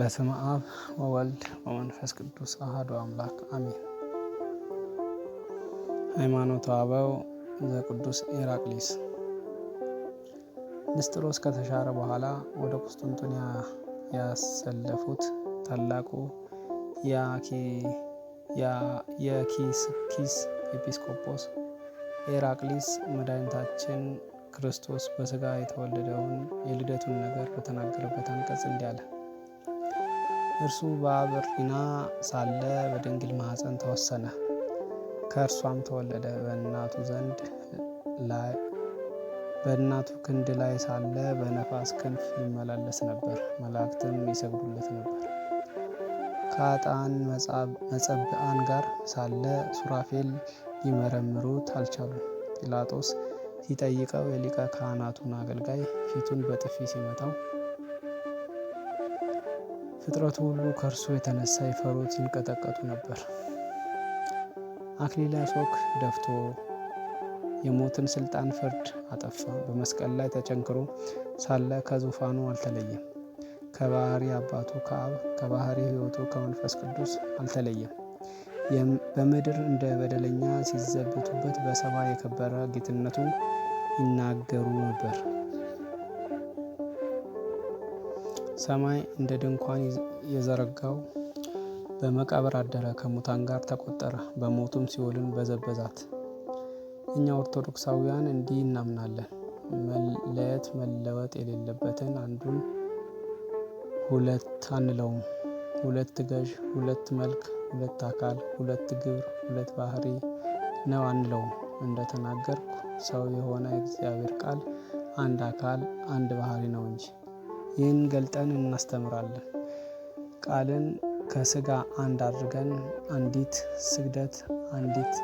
በስመ አብ ወወልድ ወመንፈስ ቅዱስ አሐዱ አምላክ አሜን። ሃይማኖተ አበው ዘቅዱስ ኤራቅሊስ ንስጥሮስ ከተሻረ በኋላ ወደ ቁስጥንጥንያ ያሰለፉት ታላቁ የኪስኪስ ኤጲስቆጶስ ኤራቅሊስ መድኃኒታችን ክርስቶስ በስጋ የተወለደውን የልደቱን ነገር በተናገረበት አንቀጽ እንዲህ አለ። እርሱ በአብ ሕሊና ሳለ በድንግል ማኅፀን ተወሰነ። ከእርሷም ተወለደ። በእናቱ ዘንድ ላይ በእናቱ ክንድ ላይ ሳለ በነፋስ ክንፍ ይመላለስ ነበር። መላእክትም ይሰግዱለት ነበር። ከአጣን መጸብአን ጋር ሳለ ሱራፌል ሊመረምሩት አልቻሉም። ጲላጦስ ሲጠይቀው የሊቀ ካህናቱን አገልጋይ ፊቱን በጥፊ ሲመታው ፍጥረቱ ሁሉ ከእርሱ የተነሳ ይፈሩት ይንቀጠቀጡ ነበር። አክሊለ ሦክ ደፍቶ የሞትን ስልጣን ፍርድ አጠፋ። በመስቀል ላይ ተቸንክሮ ሳለ ከዙፋኑ አልተለየም። ከባህሪ አባቱ ከአብ ከባህሪ ሕይወቱ ከመንፈስ ቅዱስ አልተለየም። በምድር እንደ በደለኛ ሲዘብቱበት በሰማይ የከበረ ጌትነቱ ይናገሩ ነበር። ሰማይ እንደ ድንኳን የዘረጋው በመቃብር አደረ፣ ከሙታን ጋር ተቆጠረ፣ በሞቱም ሲወልን በዘበዛት። እኛ ኦርቶዶክሳውያን እንዲህ እናምናለን። መለየት መለወጥ የሌለበትን አንዱን ሁለት አንለውም። ሁለት ገዥ፣ ሁለት መልክ፣ ሁለት አካል፣ ሁለት ግብር፣ ሁለት ባህሪ ነው አንለውም። እንደተናገርኩ ሰው የሆነ የእግዚአብሔር ቃል አንድ አካል አንድ ባህሪ ነው እንጂ ይህን ገልጠን እናስተምራለን። ቃልን ከስጋ አንድ አድርገን አንዲት ስግደት አንዲት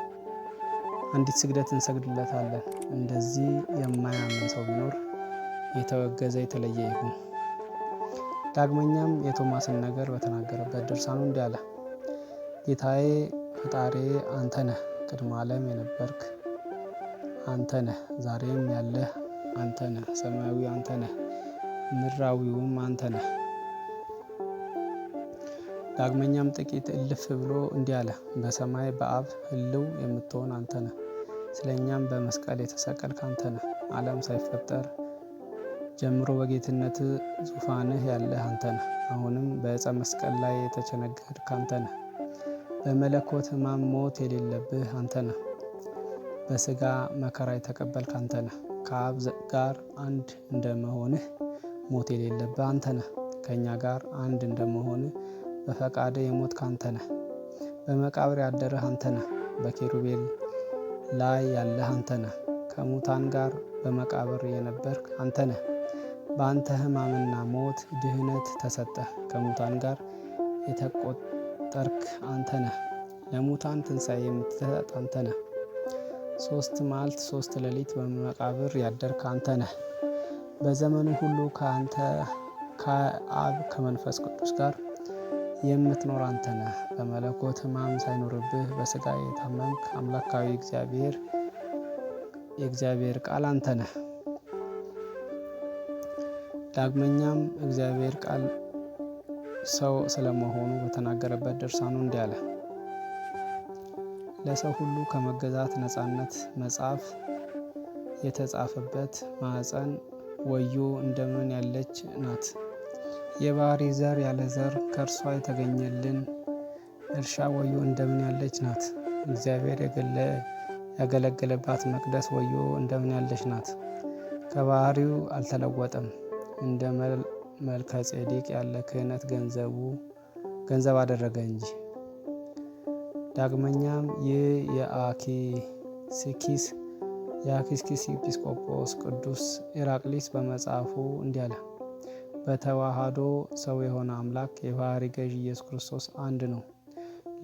አንዲት ስግደት እንሰግድለታለን። እንደዚህ የማያምን ሰው ቢኖር የተወገዘ የተለየ ይሁን። ዳግመኛም የቶማስን ነገር በተናገረበት ድርሳኑ እንዲ አለ። ጌታዬ ፈጣሬ አንተ ነህ፣ ቅድመ አለም የነበርክ አንተ ነህ፣ ዛሬም ያለህ አንተ ነህ፣ ሰማያዊ አንተ ነህ ምድራዊውም አንተ ነህ። ዳግመኛም ጥቂት እልፍ ብሎ እንዲህ አለ፣ በሰማይ በአብ ህልው የምትሆን አንተ ነህ። ስለ እኛም በመስቀል የተሰቀልክ አንተ ነህ። ዓለም ሳይፈጠር ጀምሮ በጌትነት ዙፋንህ ያለህ አንተ ነህ። አሁንም በእፀ መስቀል ላይ የተቸነገርክ አንተ ነህ። በመለኮት ህማም ሞት የሌለብህ አንተ ነህ። በስጋ መከራ የተቀበልክ አንተ ነህ። ከአብ ጋር አንድ እንደመሆንህ ሞት የሌለብህ አንተ ነህ። ከእኛ ጋር አንድ እንደመሆን በፈቃደ የሞት ካንተ ነህ። በመቃብር ያደረህ አንተ ነህ። በኬሩቤል ላይ ያለህ አንተ ነህ። ከሙታን ጋር በመቃብር የነበርክ አንተ ነህ። በአንተ ሕማምና ሞት ድህነት ተሰጠህ። ከሙታን ጋር የተቆጠርክ አንተ ነህ። ለሙታን ትንሣኤ የምትሰጥ አንተ ነህ። ሶስት መዓልት ሶስት ሌሊት በመቃብር ያደርክ አንተ ነህ። በዘመኑ ሁሉ ከአንተ ከአብ ከመንፈስ ቅዱስ ጋር የምትኖር አንተ ነህ። በመለኮት ሕማም ሳይኖርብህ በስጋ የታመምክ አምላካዊ እግዚአብሔር የእግዚአብሔር ቃል አንተ ነህ። ዳግመኛም እግዚአብሔር ቃል ሰው ስለመሆኑ በተናገረበት ድርሳኑ እንዲህ አለ። ለሰው ሁሉ ከመገዛት ነፃነት መጽሐፍ የተጻፈበት ማዕፀን ወዮ እንደምን ያለች ናት። የባህሪ ዘር ያለ ዘር ከእርሷ የተገኘልን እርሻ ወዮ እንደምን ያለች ናት። እግዚአብሔር ያገለገለባት መቅደስ ወዮ እንደምን ያለች ናት። ከባህሪው አልተለወጠም። እንደ መልከ ጼዴቅ ያለ ክህነት ገንዘቡ ገንዘብ አደረገ እንጂ። ዳግመኛም ይህ የአኪ ሲኪስ የአክሲስ ኤጲስቆጶስ ቅዱስ ኢራቅሊስ በመጽሐፉ እንዲህ አለ። በተዋህዶ ሰው የሆነ አምላክ የባህሪ ገዥ ኢየሱስ ክርስቶስ አንድ ነው፣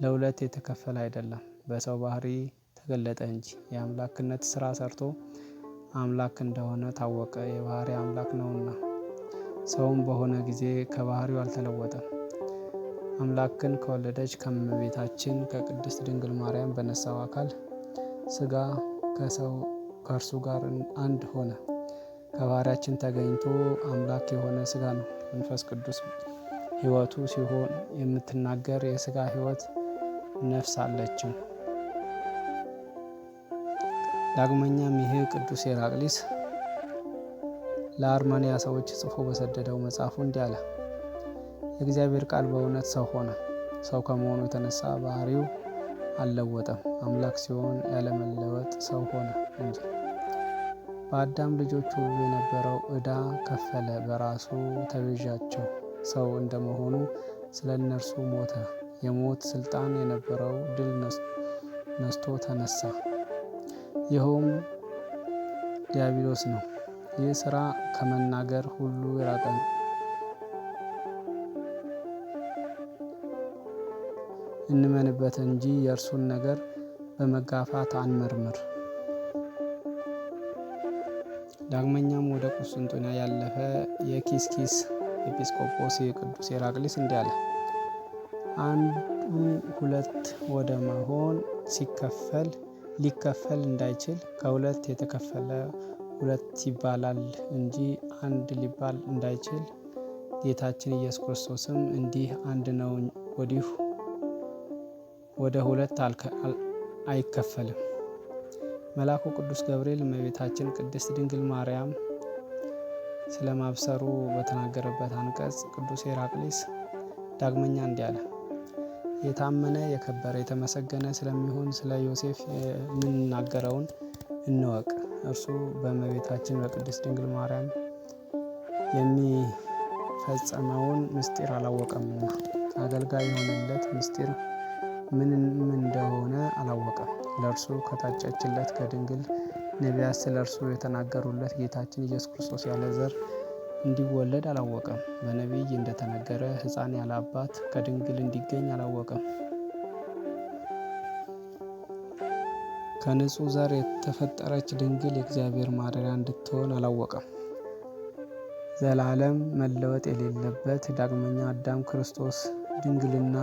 ለሁለት የተከፈለ አይደለም። በሰው ባህሪ ተገለጠ እንጂ የአምላክነት ስራ ሰርቶ አምላክ እንደሆነ ታወቀ፣ የባህሪ አምላክ ነውና። ሰውም በሆነ ጊዜ ከባህሪው አልተለወጠም። አምላክን ከወለደች ከእመቤታችን ከቅድስት ድንግል ማርያም በነሳው አካል ስጋ ከሰው ከእርሱ ጋር አንድ ሆነ። ከባህሪያችን ተገኝቶ አምላክ የሆነ ስጋ ነው። መንፈስ ቅዱስ ህይወቱ ሲሆን የምትናገር የስጋ ህይወት ነፍስ አለችው። ዳግመኛም ይህ ቅዱስ ሄራቅሊስ ለአርመንያ ሰዎች ጽፎ በሰደደው መጽሐፉ እንዲህ አለ። የእግዚአብሔር ቃል በእውነት ሰው ሆነ። ሰው ከመሆኑ የተነሳ ባህሪው አልለወጠም። አምላክ ሲሆን ያለመለወጥ ሰው ሆነ እንጂ በአዳም ልጆች ሁሉ የነበረው ዕዳ ከፈለ፣ በራሱ ተቤዣቸው። ሰው እንደመሆኑ ስለ እነርሱ ሞተ። የሞት ስልጣን የነበረው ድል ነስቶ ተነሳ፣ ይኸውም ዲያብሎስ ነው። ይህ ስራ ከመናገር ሁሉ የራቀ ነው። እንመንበት እንጂ የእርሱን ነገር በመጋፋት አንመርምር። ዳግመኛም ወደ ቁስጥንጥንያ ያለፈ የኪስኪስ ኤጲስቆጶስ የቅዱስ ሄራቅሊስ እንዲህ አለ። አንዱ ሁለት ወደ መሆን ሲከፈል ሊከፈል እንዳይችል ከሁለት የተከፈለ ሁለት ይባላል እንጂ አንድ ሊባል እንዳይችል ጌታችን ኢየሱስ ክርስቶስም እንዲህ አንድ ነው፣ ወዲሁ ወደ ሁለት አይከፈልም። መልአኩ ቅዱስ ገብርኤል እመቤታችን ቅድስት ድንግል ማርያም ስለ ማብሰሩ በተናገረበት አንቀጽ ቅዱስ ሄራቅሊስ ዳግመኛ እንዲህ አለ። የታመነ የከበረ የተመሰገነ ስለሚሆን ስለ ዮሴፍ የምንናገረውን እንወቅ። እርሱ በእመቤታችን በቅድስት ድንግል ማርያም የሚፈጸመውን ምስጢር አላወቀምና አገልጋይ የሆነለት ምስጢር ምን እንደሆነ አላወቀም። ለእርሱ ከታጨችለት ከድንግል ነቢያት ስለ እርሱ የተናገሩለት ጌታችን ኢየሱስ ክርስቶስ ያለ ዘር እንዲወለድ አላወቀም። በነቢይ እንደተነገረ ሕፃን ያለ አባት ከድንግል እንዲገኝ አላወቀም። ከንጹህ ዘር የተፈጠረች ድንግል የእግዚአብሔር ማደሪያ እንድትሆን አላወቀም። ዘላለም መለወጥ የሌለበት ዳግመኛ አዳም ክርስቶስ ድንግልና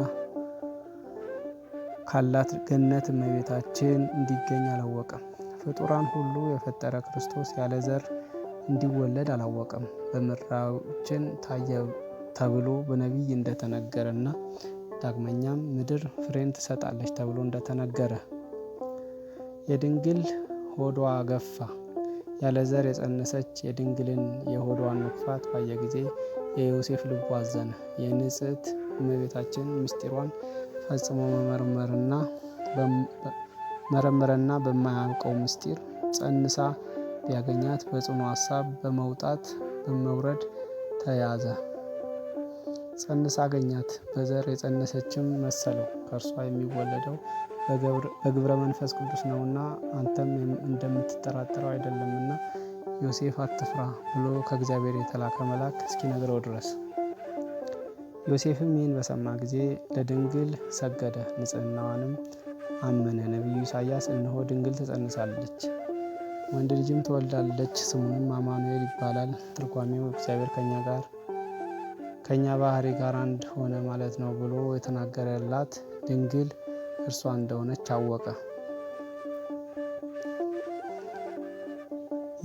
ካላት ገነት እመቤታችን እንዲገኝ አላወቀም። ፍጡራን ሁሉ የፈጠረ ክርስቶስ ያለ ዘር እንዲወለድ አላወቀም። በምድራችን ታየ ተብሎ በነቢይ እንደተነገረና ዳግመኛም ምድር ፍሬን ትሰጣለች ተብሎ እንደተነገረ የድንግል ሆዷ ገፋ። ያለ ዘር የጸነሰች የድንግልን የሆዷን መግፋት ባየ ጊዜ የዮሴፍ ልቡ አዘነ። የንጽሕት እመቤታችን ምስጢሯን ፈጽሞ መመርመርና መረመረና በማያልቀው ምስጢር ጸንሳ ቢያገኛት በጽኑ ሀሳብ በመውጣት በመውረድ ተያዘ። ጸንሳ አገኛት። በዘር የጸነሰችም መሰለው ከእርሷ የሚወለደው በግብረ መንፈስ ቅዱስ ነውና አንተም እንደምትጠራጠረው አይደለምና ዮሴፍ አትፍራ ብሎ ከእግዚአብሔር የተላከ መልአክ እስኪነግረው ድረስ ዮሴፍም ይህን በሰማ ጊዜ ለድንግል ሰገደ፣ ንጽህናዋንም አመነ። ነቢዩ ኢሳያስ እነሆ ድንግል ትጸንሳለች፣ ወንድ ልጅም ትወልዳለች፣ ስሙንም አማኑኤል ይባላል። ትርጓሜው እግዚአብሔር ከኛ ጋር ከእኛ ባህሪ ጋር አንድ ሆነ ማለት ነው ብሎ የተናገረላት ድንግል እርሷ እንደሆነች አወቀ።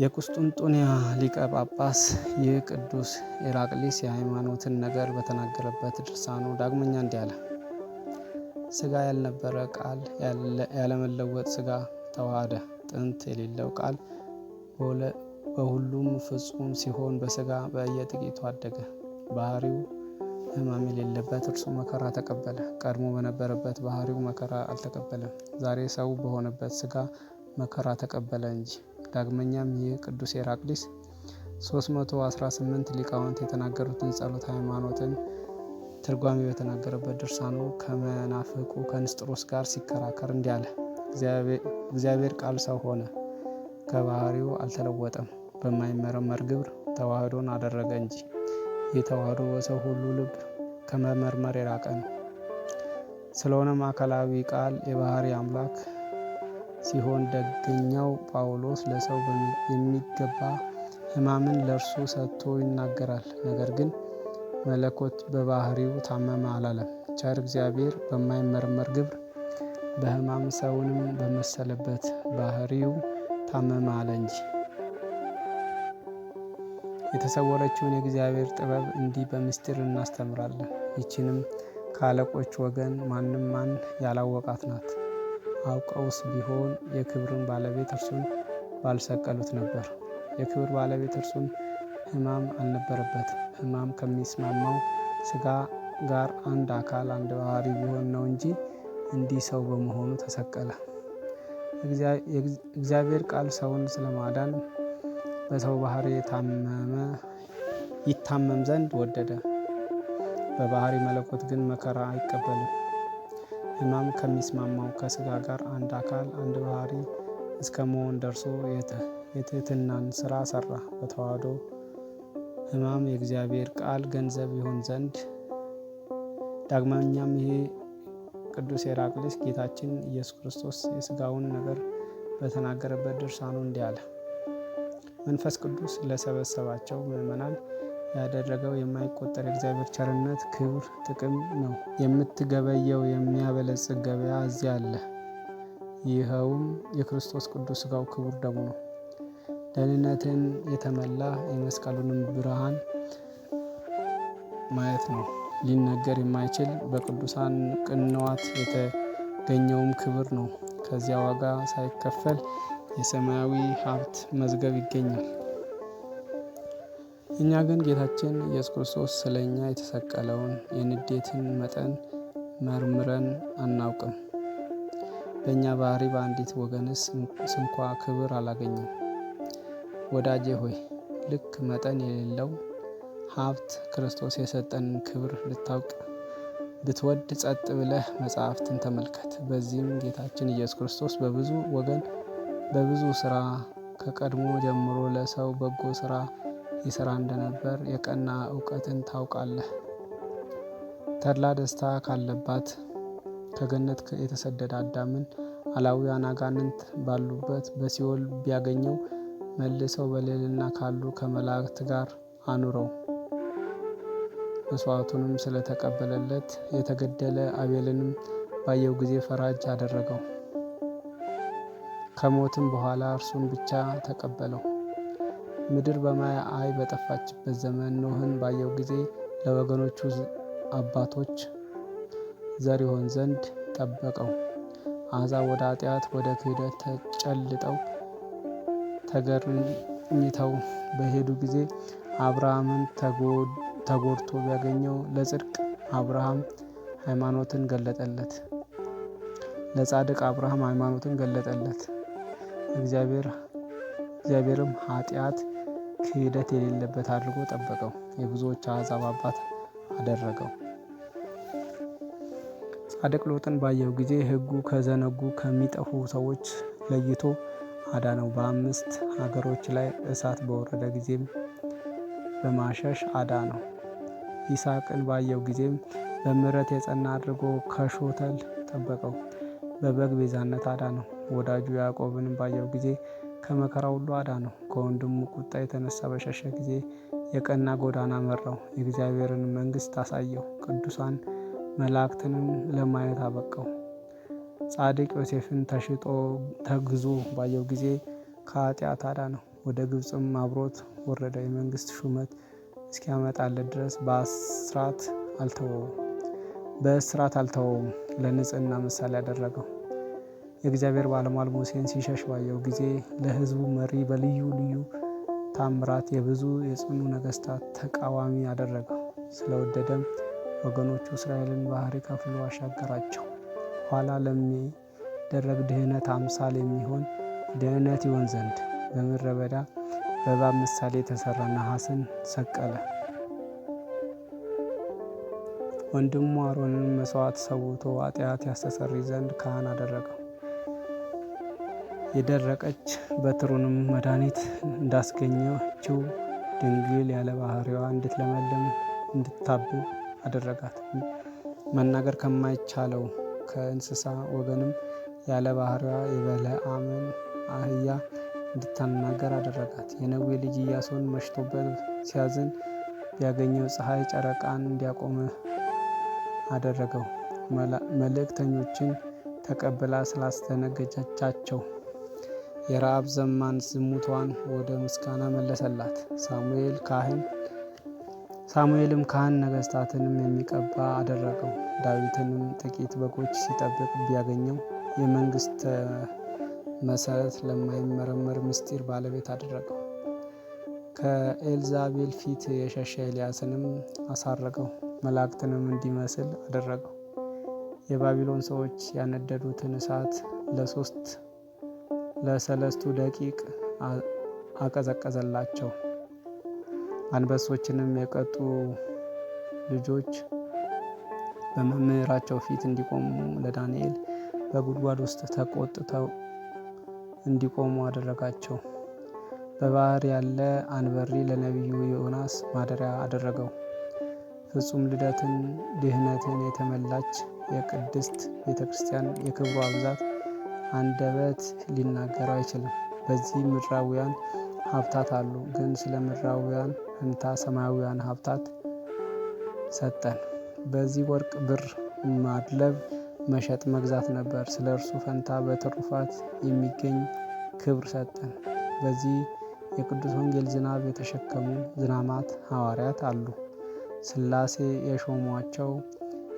የቁስጥንጥንያ ሊቀ ጳጳስ ይህ ቅዱስ ኤራቅሊስ የሃይማኖትን ነገር በተናገረበት ድርሳኑ ዳግመኛ እንዲህ አለ። ሥጋ ያልነበረ ቃል ያለመለወጥ ስጋ ተዋሃደ። ጥንት የሌለው ቃል በሁሉም ፍጹም ሲሆን በስጋ በየጥቂቱ አደገ። ባህሪው ህማም የሌለበት እርሱ መከራ ተቀበለ። ቀድሞ በነበረበት ባህሪው መከራ አልተቀበለም። ዛሬ ሰው በሆነበት ሥጋ መከራ ተቀበለ እንጂ ዳግመኛም ይህ ቅዱስ ኤራቅሊስ 318 ሊቃውንት የተናገሩትን ጸሎት ሃይማኖትን ትርጓሜ በተናገረበት ድርሳኑ ከመናፍቁ ከንስጥሮስ ጋር ሲከራከር እንዲህ አለ። እግዚአብሔር ቃል ሰው ሆነ፣ ከባህሪው አልተለወጠም። በማይመረመር ግብር ተዋህዶን አደረገ እንጂ ይህ ተዋህዶ በሰው ሁሉ ልብ ከመመርመር የራቀ ነው። ስለሆነም አካላዊ ቃል የባህሪ አምላክ ሲሆን ደገኛው ጳውሎስ ለሰው የሚገባ ሕማምን ለእርሱ ሰጥቶ ይናገራል። ነገር ግን መለኮት በባህሪው ታመመ አላለም። ቸር እግዚአብሔር በማይመረመር ግብር በሕማም ሰውንም በመሰለበት ባህሪው ታመመ አለ እንጂ። የተሰወረችውን የእግዚአብሔር ጥበብ እንዲህ በምስጢር እናስተምራለን። ይችንም ከአለቆች ወገን ማንም ማን ያላወቃት ናት። አውቀውስ ቢሆን የክብርን ባለቤት እርሱን ባልሰቀሉት ነበር። የክብር ባለቤት እርሱን ሕማም አልነበረበትም። ሕማም ከሚስማማው ስጋ ጋር አንድ አካል አንድ ባህሪ ቢሆን ነው እንጂ እንዲህ ሰው በመሆኑ ተሰቀለ። እግዚአብሔር ቃል ሰውን ስለማዳን በሰው ባህሪ የታመመ ይታመም ዘንድ ወደደ። በባህሪ መለኮት ግን መከራ አይቀበልም። ሕማም ከሚስማማው ከስጋ ጋር አንድ አካል አንድ ባህሪ እስከ መሆን ደርሶ የትህትናን ሥራ ሰራ። በተዋህዶ ሕማም የእግዚአብሔር ቃል ገንዘብ ይሆን ዘንድ ዳግመኛም ይሄ ቅዱስ ሄራቅሊስ ጌታችን ኢየሱስ ክርስቶስ የስጋውን ነገር በተናገረበት ድርሳኑ እንዲህ አለ። መንፈስ ቅዱስ ለሰበሰባቸው ምዕመናን ያደረገው የማይቆጠር የእግዚአብሔር ቸርነት ክብር ጥቅም ነው። የምትገበየው የሚያበለጽግ ገበያ እዚያ አለ። ይኸውም የክርስቶስ ቅዱስ ሥጋው ክቡር ደሙ ነው። ደህንነትን የተመላ የመስቀሉንም ብርሃን ማየት ነው። ሊነገር የማይችል በቅዱሳን ቅንዋት የተገኘውም ክብር ነው። ከዚያ ዋጋ ሳይከፈል የሰማያዊ ሀብት መዝገብ ይገኛል። እኛ ግን ጌታችን ኢየሱስ ክርስቶስ ስለ እኛ የተሰቀለውን የንዴትን መጠን መርምረን አናውቅም። በእኛ ባህሪ በአንዲት ወገንስ ስንኳ ክብር አላገኘም። ወዳጄ ሆይ ልክ መጠን የሌለው ሀብት ክርስቶስ የሰጠንን ክብር ልታውቅ ብትወድ ጸጥ ብለህ መጽሐፍትን ተመልከት። በዚህም ጌታችን ኢየሱስ ክርስቶስ በብዙ ወገን በብዙ ስራ ከቀድሞ ጀምሮ ለሰው በጎ ስራ ይሰራ እንደነበር የቀና እውቀትን ታውቃለህ። ተድላ ደስታ ካለባት ከገነት የተሰደደ አዳምን አላዊያን አጋንንት ባሉበት በሲኦል ቢያገኘው መልሰው በልዕልና ካሉ ከመላእክት ጋር አኑረው። መስዋዕቱንም ስለተቀበለለት የተገደለ አቤልንም ባየው ጊዜ ፈራጅ አደረገው። ከሞትም በኋላ እርሱን ብቻ ተቀበለው። ምድር አይ በጠፋችበት ዘመን ኖህን ባየው ጊዜ ለወገኖቹ አባቶች ዘር ይሆን ዘንድ ጠበቀው። አሕዛብ ወደ ኃጢአት፣ ወደ ክህደት ተጨልጠው ተገርኝተው በሄዱ ጊዜ አብርሃምን ተጎድቶ ቢያገኘው ለጽድቅ አብርሃም ሃይማኖትን ገለጠለት። ለጻድቅ አብርሃም ሃይማኖትን ገለጠለት። እግዚአብሔርም ኃጢአት ክህደት የሌለበት አድርጎ ጠበቀው፣ የብዙዎች አሕዛብ አባት አደረገው። ጻድቅ ሎጥን ባየው ጊዜ ሕጉ ከዘነጉ ከሚጠፉ ሰዎች ለይቶ አዳነው። በአምስት ሀገሮች ላይ እሳት በወረደ ጊዜም በማሸሽ አዳነው። ይስሐቅን ባየው ጊዜም በምሕረት የጸና አድርጎ ከሾተል ጠበቀው፣ በበግ ቤዛነት አዳነው። ወዳጁ ያዕቆብን ባየው ጊዜ ከመከራ ሁሉ አዳ ነው። ከወንድሙ ቁጣ የተነሳ በሸሸ ጊዜ የቀና ጎዳና መራው። የእግዚአብሔርን መንግሥት አሳየው፣ ቅዱሳን መላእክትንም ለማየት አበቃው። ጻድቅ ዮሴፍን ተሽጦ ተግዞ ባየው ጊዜ ከኃጢአት ነው። ወደ ግብፅም አብሮት ወረደ። የመንግሥት ሹመት እስኪያመጣለት ድረስ በእስራት አልተወውም። በእስራት አልተወውም። ለንጽህና ምሳሌ ያደረገው የእግዚአብሔር ባለሟል ሙሴን ሲሸሽ ባየው ጊዜ ለሕዝቡ መሪ በልዩ ልዩ ታምራት የብዙ የጽኑ ነገስታት ተቃዋሚ አደረገው። ስለወደደም ወገኖቹ እስራኤልን ባህር ከፍሎ አሻገራቸው። ኋላ ለሚደረግ ድህነት አምሳል የሚሆን ድህነት ይሆን ዘንድ በምድረ በዳ በእባብ ምሳሌ የተሰራ ነሐስን ሰቀለ። ወንድሙ አሮንን መስዋዕት ሰውቶ ኃጢአት ያስተሰሪ ዘንድ ካህን አደረገው። የደረቀች በትሩንም መድኃኒት እንዳስገኘችው ድንግል ያለ ባህሪዋ ለመለም እንድታብብ አደረጋት። መናገር ከማይቻለው ከእንስሳ ወገንም ያለ ባህሪዋ የበለዓምን አህያ እንድታናገር አደረጋት። የነዌ ልጅ ኢያሱን መሽቶበት ሲያዝን ቢያገኘው ፀሐይ ጨረቃን እንዲያቆመ አደረገው። መልእክተኞችን ተቀብላ ስላስተነገጃቻቸው የራብ ዘማን ዝሙቷን ወደ ምስጋና መለሰላት። ሳሙኤል ካህን ሳሙኤልም ካህን ነገስታትንም የሚቀባ አደረገው። ዳዊትንም ጥቂት በጎች ሲጠብቅ ቢያገኘው የመንግስት መሰረት ለማይመረመር ምስጢር ባለቤት አደረገው። ከኤልዛቤል ፊት የሸሸ ኤልያስንም አሳረገው፣ መላእክትንም እንዲመስል አደረገው። የባቢሎን ሰዎች ያነደዱትን እሳት ለሶስት ለሰለስቱ ደቂቅ አቀዘቀዘላቸው። አንበሶችንም የቀጡ ልጆች በመምህራቸው ፊት እንዲቆሙ ለዳንኤል በጉድጓድ ውስጥ ተቆጥተው እንዲቆሙ አደረጋቸው። በባህር ያለ አንበሪ ለነቢዩ ዮናስ ማደሪያ አደረገው። ፍጹም ልደትን ድህነትን የተመላች የቅድስት ቤተ ክርስቲያን የክብሯ ብዛት አንደበት ሊናገረው አይችልም። በዚህ ምድራውያን ሀብታት አሉ፣ ግን ስለ ምድራውያን ፈንታ ሰማያውያን ሀብታት ሰጠን። በዚህ ወርቅ፣ ብር ማድለብ፣ መሸጥ፣ መግዛት ነበር። ስለ እርሱ ፈንታ በትሩፋት የሚገኝ ክብር ሰጠን። በዚህ የቅዱስ ወንጌል ዝናብ የተሸከሙ ዝናማት ሐዋርያት አሉ። ስላሴ የሾሟቸው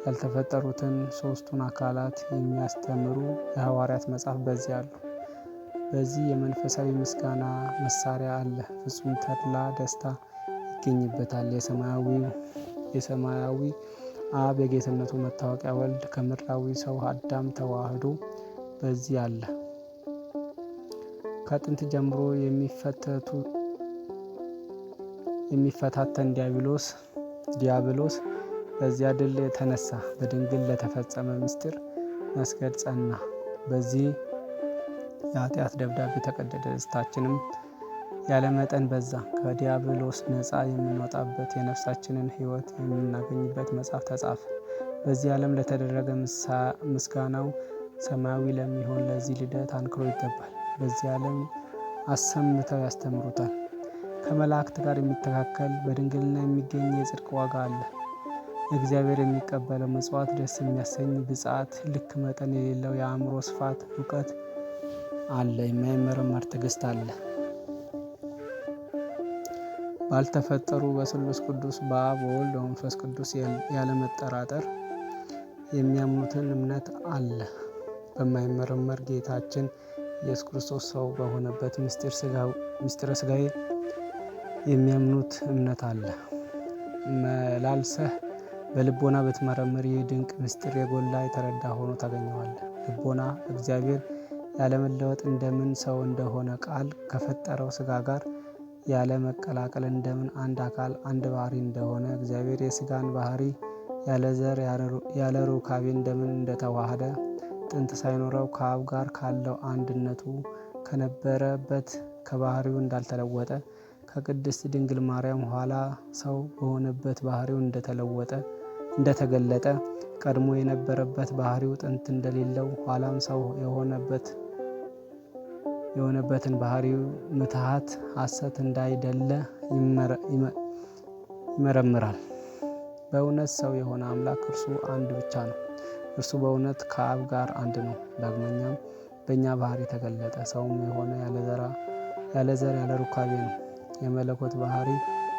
ያልተፈጠሩትን ሶስቱን አካላት የሚያስተምሩ የሐዋርያት መጽሐፍ በዚህ አሉ። በዚህ የመንፈሳዊ ምስጋና መሳሪያ አለ። ፍጹም ተድላ ደስታ ይገኝበታል። የሰማያዊ አብ የጌትነቱ መታወቂያ ወልድ ከምድራዊ ሰው አዳም ተዋህዶ በዚህ አለ። ከጥንት ጀምሮ የሚፈተቱ የሚፈታተን ዲያብሎስ ዲያብሎስ በዚያ ድል የተነሳ በድንግል ለተፈጸመ ምስጢር መስገድ ጸና። በዚህ የኃጢአት ደብዳቤ ተቀደደ። ደስታችንም መጠን በዛ። ከዲያብሎስ ነፃ የምንወጣበት የነፍሳችንን ሕይወት የምናገኝበት መጽሐፍ ተጻፈ። በዚህ ዓለም ለተደረገ ምስጋናው ሰማያዊ ለሚሆን ለዚህ ልደት አንክሮ ይገባል። በዚህ ዓለም አሰምተው ያስተምሩታል። ከመላእክት ጋር የሚተካከል በድንግልና የሚገኝ የጽድቅ ዋጋ አለ። እግዚአብሔር የሚቀበለው መጽዋዕት ደስ የሚያሰኝ ብፅዓት ልክ መጠን የሌለው የአእምሮ ስፋት እውቀት አለ የማይመረመር ትዕግስት አለ። ባልተፈጠሩ በስሉስ ቅዱስ በአብ ወልድ በመንፈስ ቅዱስ ያለመጠራጠር የሚያምኑትን እምነት አለ። በማይመረመር ጌታችን ኢየሱስ ክርስቶስ ሰው በሆነበት ምስጢረ ስጋዬ የሚያምኑት እምነት አለ። መላልሰህ በልቦና ብትመረምር ይህ ድንቅ ምስጢር የጎላ የተረዳ ሆኖ ታገኘዋለህ። ልቦና እግዚአብሔር ያለመለወጥ እንደምን ሰው እንደሆነ ቃል ከፈጠረው ስጋ ጋር ያለ መቀላቀል እንደምን አንድ አካል አንድ ባህሪ እንደሆነ እግዚአብሔር የስጋን ባህሪ ያለ ዘር ያለ ሩካቤ እንደምን እንደተዋሃደ ጥንት ሳይኖረው ከአብ ጋር ካለው አንድነቱ ከነበረበት ከባህሪው እንዳልተለወጠ ከቅድስት ድንግል ማርያም ኋላ ሰው በሆነበት ባህሪው እንደተለወጠ እንደተገለጠ ቀድሞ የነበረበት ባህሪው ጥንት እንደሌለው ኋላም ሰው የሆነበት የሆነበትን ባህሪው ምትሃት ሐሰት እንዳይደለ ይመረምራል። በእውነት ሰው የሆነ አምላክ እርሱ አንድ ብቻ ነው። እርሱ በእውነት ከአብ ጋር አንድ ነው። ዳግመኛም በእኛ ባህሪ ተገለጠ። ሰውም የሆነ ያለ ዘር ያለ ሩካቤ ነው። የመለኮት ባህሪ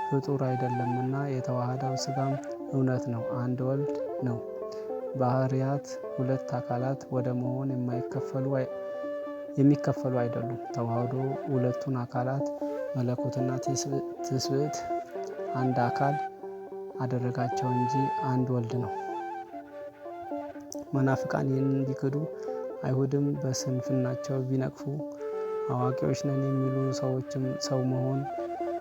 ፍጡር አይደለምና የተዋህደው ስጋም እውነት ነው፣ አንድ ወልድ ነው። ባህርያት ሁለት አካላት ወደ መሆን የሚከፈሉ አይደሉም። ተዋህዶ ሁለቱን አካላት መለኮትና ትስብእት አንድ አካል አደረጋቸው እንጂ አንድ ወልድ ነው። መናፍቃን ይህንን ቢክዱ አይሁድም በስንፍናቸው ቢነቅፉ አዋቂዎች ነን የሚሉ ሰዎችም ሰው መሆን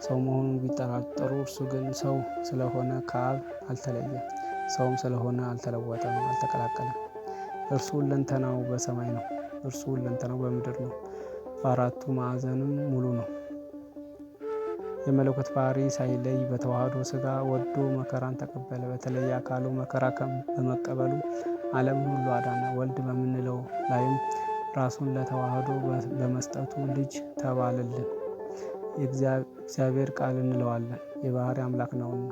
ሰው መሆኑን ቢጠራጠሩ እርሱ ግን ሰው ስለሆነ ከአብ አልተለየም፣ ሰውም ስለሆነ አልተለወጠም፣ አልተቀላቀለም። እርሱ ሁለንተናው በሰማይ ነው፣ እርሱ ሁለንተናው በምድር ነው፣ በአራቱ ማዕዘንም ሙሉ ነው። የመለኮት ባህሪ ሳይለይ በተዋህዶ ስጋ ወዶ መከራን ተቀበለ። በተለየ አካሉ መከራ በመቀበሉ ዓለም ሁሉ አዳነ። ወልድ በምንለው ላይም ራሱን ለተዋህዶ በመስጠቱ ልጅ ተባለልን። የእግዚአብሔር ቃል እንለዋለን የባህሪ አምላክ ነውና።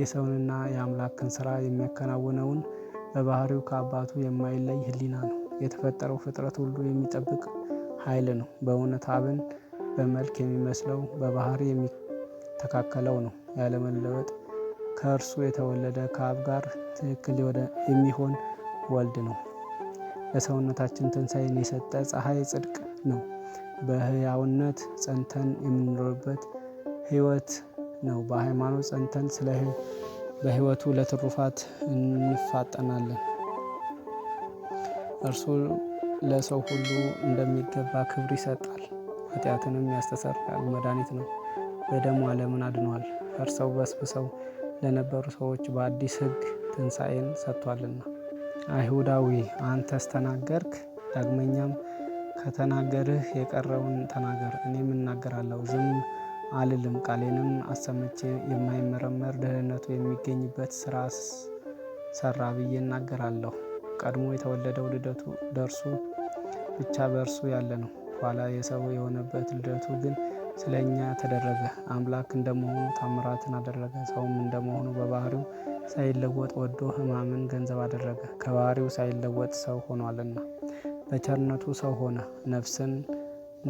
የሰውንና የአምላክን ስራ የሚያከናውነውን በባህሪው ከአባቱ የማይለይ ህሊና ነው። የተፈጠረው ፍጥረት ሁሉ የሚጠብቅ ኃይል ነው። በእውነት አብን በመልክ የሚመስለው በባህሪ የሚተካከለው ነው። ያለመለወጥ ከእርሱ የተወለደ ከአብ ጋር ትክክል የሚሆን ወልድ ነው። ለሰውነታችን ትንሣኤን የሰጠ ፀሐይ ጽድቅ ነው። በህያውነት ጸንተን የምንኖርበት ህይወት ነው። በሃይማኖት ጸንተን ስለ በህይወቱ ለትሩፋት እንፋጠናለን። እርሱ ለሰው ሁሉ እንደሚገባ ክብር ይሰጣል፣ ኃጢአትንም ያስተሰርያል። መድኃኒት ነው፣ በደሙ ዓለምን አድኗል። ፈርሰው በስብሰው ለነበሩ ሰዎች በአዲስ ህግ ትንሣኤን ሰጥቷልና። አይሁዳዊ አንተስ ተናገርክ፣ ዳግመኛም ከተናገርህ የቀረውን ተናገር እኔም እናገራለሁ ዝም አልልም። ቃሌንም አሰምቼ የማይመረመር ደህንነቱ የሚገኝበት ስራ ሰራ ብዬ እናገራለሁ። ቀድሞ የተወለደው ልደቱ ደርሱ ብቻ በእርሱ ያለ ነው። ኋላ የሰው የሆነበት ልደቱ ግን ስለ እኛ ተደረገ። አምላክ እንደመሆኑ ታምራትን አደረገ። ሰውም እንደመሆኑ በባህሪው ሳይለወጥ ወዶ ሕማምን ገንዘብ አደረገ። ከባህሪው ሳይለወጥ ሰው ሆኗልና በቸርነቱ ሰው ሆነ፣ ነፍስን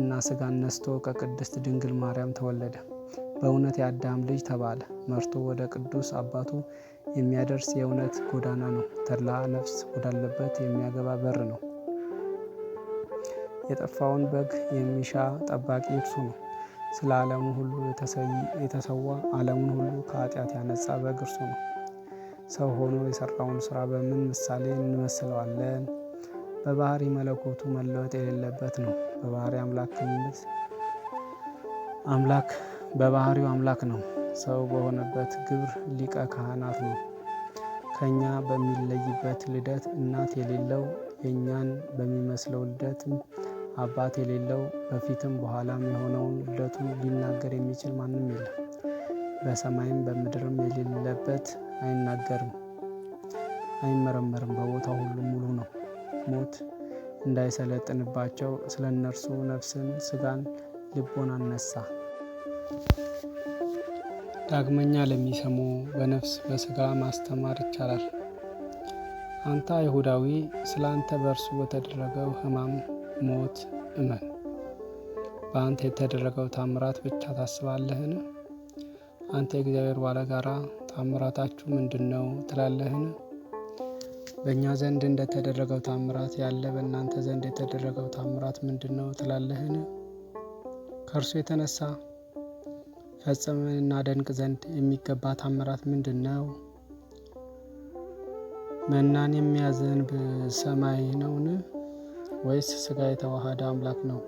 እና ስጋን ነስቶ ከቅድስት ድንግል ማርያም ተወለደ። በእውነት የአዳም ልጅ ተባለ። መርቶ ወደ ቅዱስ አባቱ የሚያደርስ የእውነት ጎዳና ነው። ተድላ ነፍስ ወዳለበት የሚያገባ በር ነው። የጠፋውን በግ የሚሻ ጠባቂ እርሱ ነው። ስለ ዓለሙ ሁሉ የተሰዋ ዓለሙን ሁሉ ከኃጢአት ያነጻ በግ እርሱ ነው። ሰው ሆኖ የሰራውን ስራ በምን ምሳሌ እንመስለዋለን? በባህሪ መለኮቱ መለወጥ የሌለበት ነው። በባህሪ አምላክነት አምላክ በባህሪው አምላክ ነው። ሰው በሆነበት ግብር ሊቀ ካህናት ነው። ከኛ በሚለይበት ልደት እናት የሌለው የእኛን በሚመስለው ልደትም አባት የሌለው በፊትም በኋላም የሆነውን ልደቱን ሊናገር የሚችል ማንም የለም። በሰማይም በምድርም የሌለበት አይናገርም፣ አይመረመርም። በቦታው ሁሉ ሙሉ ነው። ሞት እንዳይሰለጥንባቸው ስለ እነርሱ ነፍስን፣ ስጋን፣ ልቦን አነሳ። ዳግመኛ ለሚሰሙ በነፍስ በስጋ ማስተማር ይቻላል። አንተ አይሁዳዊ ስለ አንተ በእርሱ በተደረገው ህማም ሞት እመን። በአንተ የተደረገው ታምራት ብቻ ታስባለህን? አንተ የእግዚአብሔር ባለጋራ ታምራታችሁ ምንድን ነው ትላለህን? በእኛ ዘንድ እንደተደረገው ታምራት ያለ በእናንተ ዘንድ የተደረገው ታምራት ምንድን ነው ትላለህን? ከእርሱ የተነሳ ፈጽመን እናደንቅ ዘንድ የሚገባ ታምራት ምንድን ነው? መናን የሚያዘንብ ሰማይ ነውን? ወይስ ስጋ የተዋሃደ አምላክ ነው?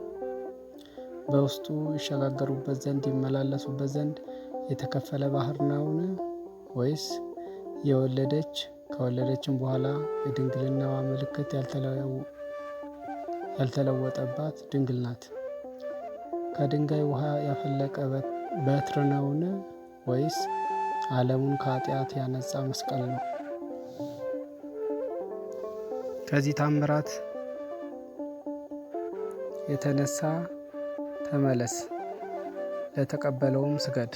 በውስጡ ይሸጋገሩበት ዘንድ ይመላለሱበት ዘንድ የተከፈለ ባህር ነውን? ወይስ የወለደች ከወለደችም በኋላ የድንግልናዋ ምልክት ያልተለወጠባት ድንግል ናት። ከድንጋይ ውሃ ያፈለቀ በትር ነውን? ወይስ ዓለሙን ከኃጢአት ያነጻ መስቀል ነው? ከዚህ ታምራት የተነሳ ተመለስ፣ ለተቀበለውም ስገድ።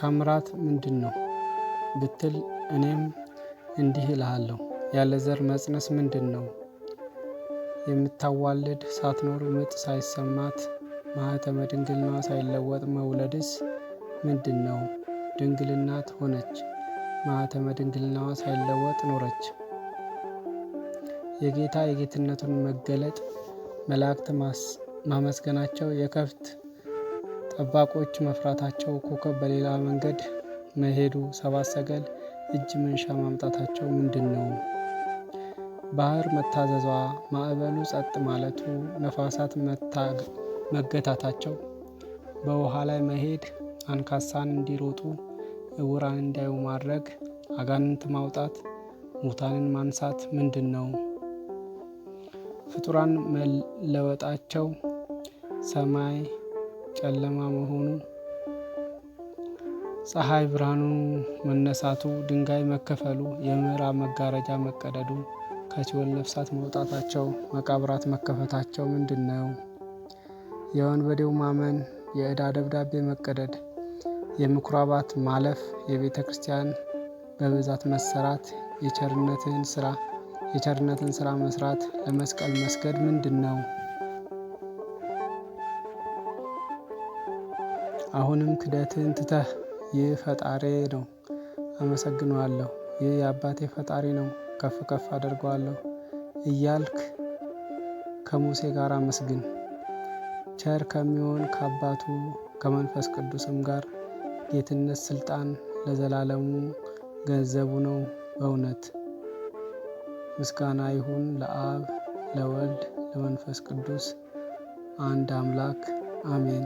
ታምራት ምንድን ነው? ብትል እኔም እንዲህ እልሃለሁ ያለ ዘር መጽነስ ምንድን ነው? የምታዋልድ ሳትኖር ምጥ ሳይሰማት ማኅተመ ድንግልና ሳይለወጥ መውለድስ ምንድን ነው? ድንግልናት ሆነች፣ ማኅተመ ድንግልናዋ ሳይለወጥ ኖረች። የጌታ የጌትነቱን መገለጥ መላእክት ማመስገናቸው፣ የከብት ጠባቆች መፍራታቸው፣ ኮከብ በሌላ መንገድ መሄዱ ሰባት ሰገል እጅ መንሻ ማምጣታቸው ምንድን ነው? ባህር መታዘዟ፣ ማዕበሉ ጸጥ ማለቱ፣ ነፋሳት መገታታቸው፣ በውሃ ላይ መሄድ፣ አንካሳን እንዲሮጡ እውራን እንዲያዩ ማድረግ፣ አጋንንት ማውጣት፣ ሙታንን ማንሳት ምንድን ነው? ፍጡራን መለወጣቸው፣ ሰማይ ጨለማ መሆኑ ፀሐይ ብርሃኑ መነሳቱ ድንጋይ መከፈሉ የምዕራብ መጋረጃ መቀደዱ ከሲኦል ነፍሳት መውጣታቸው መቃብራት መከፈታቸው ምንድን ነው? የወንበዴው ማመን የዕዳ ደብዳቤ መቀደድ የምኩራባት ማለፍ የቤተ ክርስቲያን በብዛት መሰራት የቸርነትህን ስራ የቸርነትን ስራ መስራት ለመስቀል መስገድ ምንድን ነው? አሁንም ክደትን ትተህ ይህ ፈጣሪ ነው። አመሰግነዋለሁ ይህ የአባቴ ፈጣሪ ነው ከፍ ከፍ አደርገዋለሁ እያልክ ከሙሴ ጋር አመስግን። ቸር ከሚሆን ከአባቱ ከመንፈስ ቅዱስም ጋር ጌትነት፣ ስልጣን ለዘላለሙ ገንዘቡ ነው በእውነት። ምስጋና ይሁን ለአብ ለወልድ ለመንፈስ ቅዱስ አንድ አምላክ አሜን።